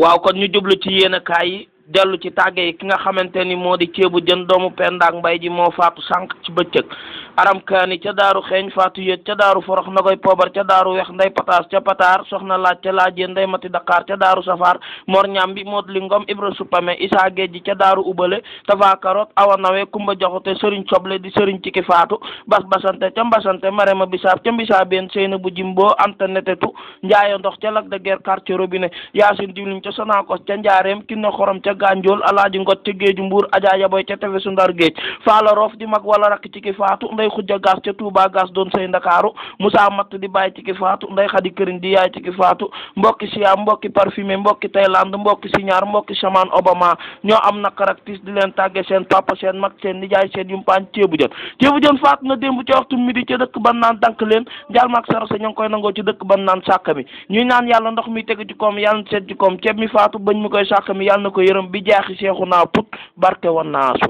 waaw kon ñu jublu ci yéenekaay yi delu ci tagge ki nga xamanteni modi ciebu jeun ceebu jën doomu pendaak mbay ji mo faatu sank ci bëccëg aram kaani ca daaru xeeñ faatu yët ca daaru forox na pobar ca daaru wex nday patas ca patar soxna laaj ca laajee nday mati dakar ca daaru safar mor ñam bi mod li ngom ibra supame isa géej ca daaru ubale tafa karot awa nawe kumba joxote serigne soble di serigne ciki faatu bas basante ca mbasante marema bisaab ca mbisaa been seyna bu jimbo anta netetu ndox ca lak de guerre quartier robinet yasin diwlim ca sonakos ca njaareem kinne xorom ca ca ganjol ngot ci geejju mbur aja boy ca tefesu ndar fa la rof di mag wala ci ki faatu nday xujja gas ca bagas gas don say ndakaru musa mat di ci ki faatu nday xadi kerin di yaay ki faatu mbokki siya mbokki parfumé mbokki thailand mbokki signaar mbokki shaman obama ño am rak tis di leen tàgge sen papa sen mag seen nijaay yum pan ciebu jot ciebu jot faatu na dembu ci waxtu midi ci dekk ban nan dank len dal mak saro sa ña ngi koy nango ci dekk ban nan sakami mi ñuy nan yalla ndox mi tegg ci kom yalla set ci kom ci mi faatu bañ mu koy sakami mi nako na ngërëm bi jaaxi seexu naa put barke wan naasu